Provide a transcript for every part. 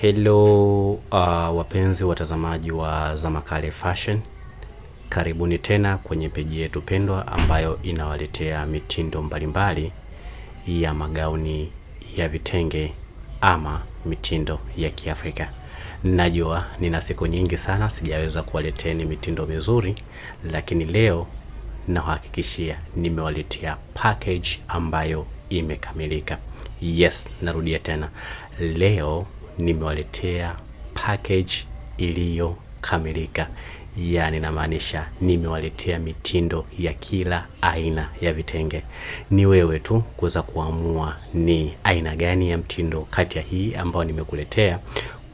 Hello uh, wapenzi watazamaji wa Zamakale Fashion, karibuni tena kwenye peji yetu pendwa ambayo inawaletea mitindo mbalimbali ya magauni ya vitenge ama mitindo ya Kiafrika. Najua nina siku nyingi sana sijaweza kuwaleteni mitindo mizuri, lakini leo nahakikishia nimewaletea package ambayo imekamilika. Yes, narudia tena leo nimewaletea package iliyokamilika yaani namaanisha nimewaletea mitindo ya kila aina ya vitenge. Ni wewe tu kuweza kuamua ni aina gani ya mtindo kati ya hii ambayo nimekuletea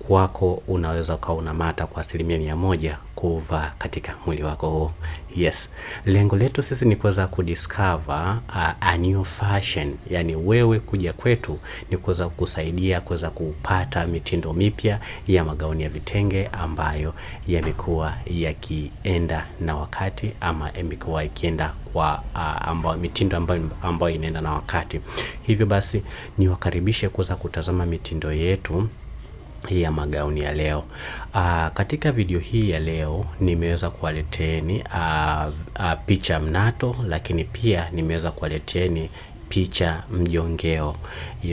kwako, unaweza ukawa unamata kwa asilimia mia moja kuvaa katika mwili wako huo. Yes, lengo letu sisi ni kuweza kudiscover uh, a new fashion, yani wewe kuja kwetu ni kuweza kukusaidia kuweza kupata mitindo mipya ya magauni ya vitenge ambayo yamekuwa yakienda na wakati ama yamekuwa yakienda kwa uh, ambayo, mitindo ambayo, ambayo inaenda na wakati. Hivyo basi niwakaribishe kuweza kutazama mitindo yetu ya magauni ya leo. Aa, ah, katika video hii ya leo nimeweza kuwaleteni ah, ah, picha mnato, lakini pia nimeweza kuwaleteni picha mjongeo,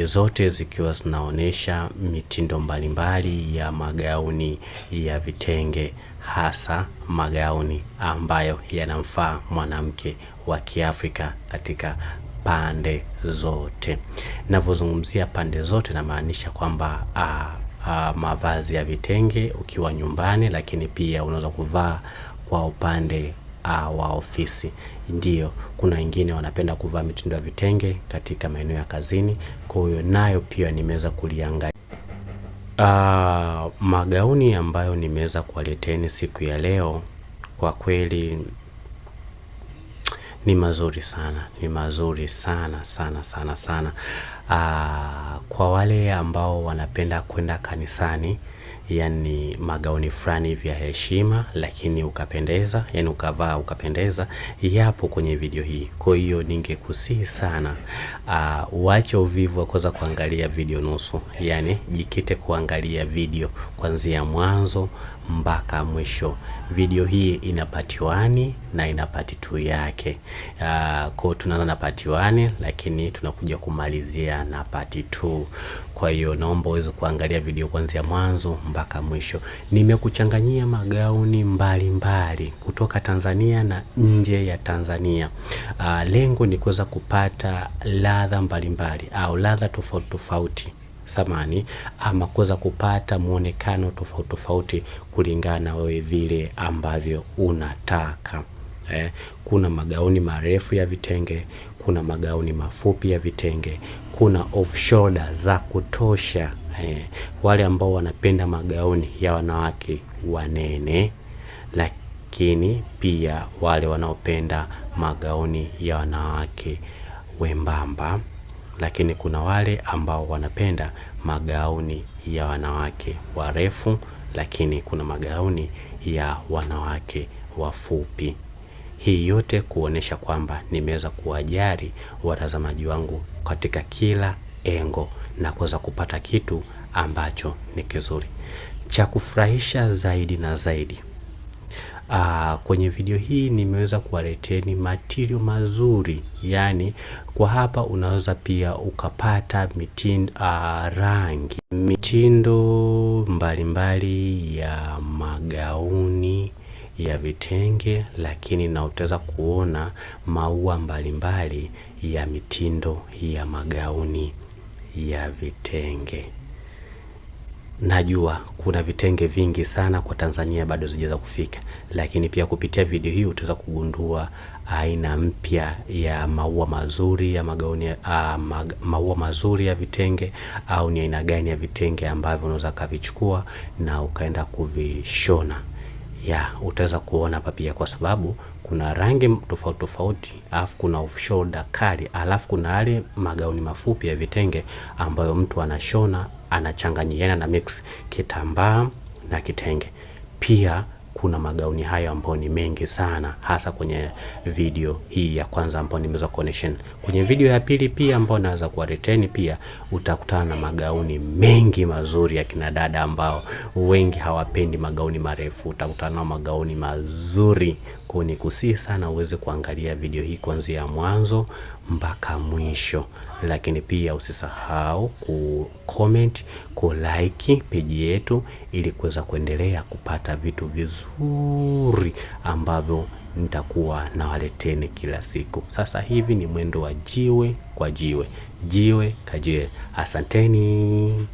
zote zikiwa zinaonyesha mitindo mbalimbali ya magauni ya vitenge, hasa magauni ambayo yanamfaa mwanamke wa Kiafrika katika pande zote. navozungumzia pande zote, namaanisha kwamba uh, mavazi ya vitenge ukiwa nyumbani, lakini pia unaweza kuvaa kwa upande uh, wa ofisi. ndio kuna wengine wanapenda kuvaa mitindo ya vitenge katika maeneo ya kazini, kwa hiyo nayo pia nimeweza kuliangalia. Uh, magauni ambayo nimeweza kuwaleteni siku ya leo kwa kweli ni mazuri sana, ni mazuri sana sana sana sana. Ah, kwa wale ambao wanapenda kwenda kanisani, yani magauni fulani vya heshima, lakini ukapendeza, yani ukavaa ukapendeza, yapo kwenye video hii. Kwa hiyo ningekusihi sana, ah, uache uvivu wa kuweza kuangalia video nusu, yani jikite kuangalia video kuanzia mwanzo mpaka mwisho. Video hii ina part 1 na ina part 2 yake. Uh, kwa tunaanza na part 1 lakini tunakuja kumalizia na part 2. Kwa hiyo naomba uweze kuangalia video kuanzia mwanzo mpaka mwisho. Nimekuchanganyia magauni mbalimbali mbali, kutoka Tanzania na nje ya Tanzania. Uh, lengo ni kuweza kupata ladha mbalimbali au ladha tofauti tofauti samani ama kuweza kupata muonekano tofauti tofauti kulingana wewe vile ambavyo unataka. Eh, kuna magauni marefu ya vitenge, kuna magauni mafupi ya vitenge, kuna off shoulder za kutosha. Eh, wale ambao wanapenda magauni ya wanawake wanene, lakini pia wale wanaopenda magauni ya wanawake wembamba lakini kuna wale ambao wanapenda magauni ya wanawake warefu, lakini kuna magauni ya wanawake wafupi. Hii yote kuonesha kwamba nimeweza kuwajari watazamaji wangu katika kila engo na kuweza kupata kitu ambacho ni kizuri cha kufurahisha zaidi na zaidi. Aa, ah, kwenye video hii nimeweza kuwaleteni matirio mazuri, yani kwa hapa unaweza pia ukapata mitindo, aa, ah, rangi, mitindo mbalimbali mbali ya magauni ya vitenge, lakini na utaweza kuona maua mbalimbali mbali ya mitindo ya magauni ya vitenge. Najua kuna vitenge vingi sana kwa Tanzania bado zijaweza kufika, lakini pia kupitia video hii utaweza kugundua aina mpya ya maua mazuri ya magauni ya, a, ah, mag, maua mazuri ya vitenge au ni aina gani ya vitenge ambavyo unaweza kavichukua na ukaenda kuvishona ya utaweza kuona hapa pia, kwa sababu kuna rangi tofauti tofauti, alafu kuna off shoulder kali, alafu kuna yale magauni mafupi ya vitenge ambayo mtu anashona anachanganyiana na mix kitambaa na kitenge. Pia kuna magauni hayo ambayo ni mengi sana, hasa kwenye video hii ya kwanza ambayo nimeweza kuoneshana. Kwenye video ya pili pia ambayo naweza kuwaleteni pia, utakutana na magauni mengi mazuri ya kina dada ambao wengi hawapendi magauni marefu, utakutana na magauni mazuri. Kwa ni nikusihi sana uweze kuangalia video hii kuanzia mwanzo mpaka mwisho, lakini pia usisahau ku comment, ku like peji yetu ili kuweza kuendelea kupata vitu vizuri ambavyo nitakuwa nawaleteni kila siku. Sasa hivi ni mwendo wa jiwe kwa jiwe, jiwe kajiwe. Asanteni.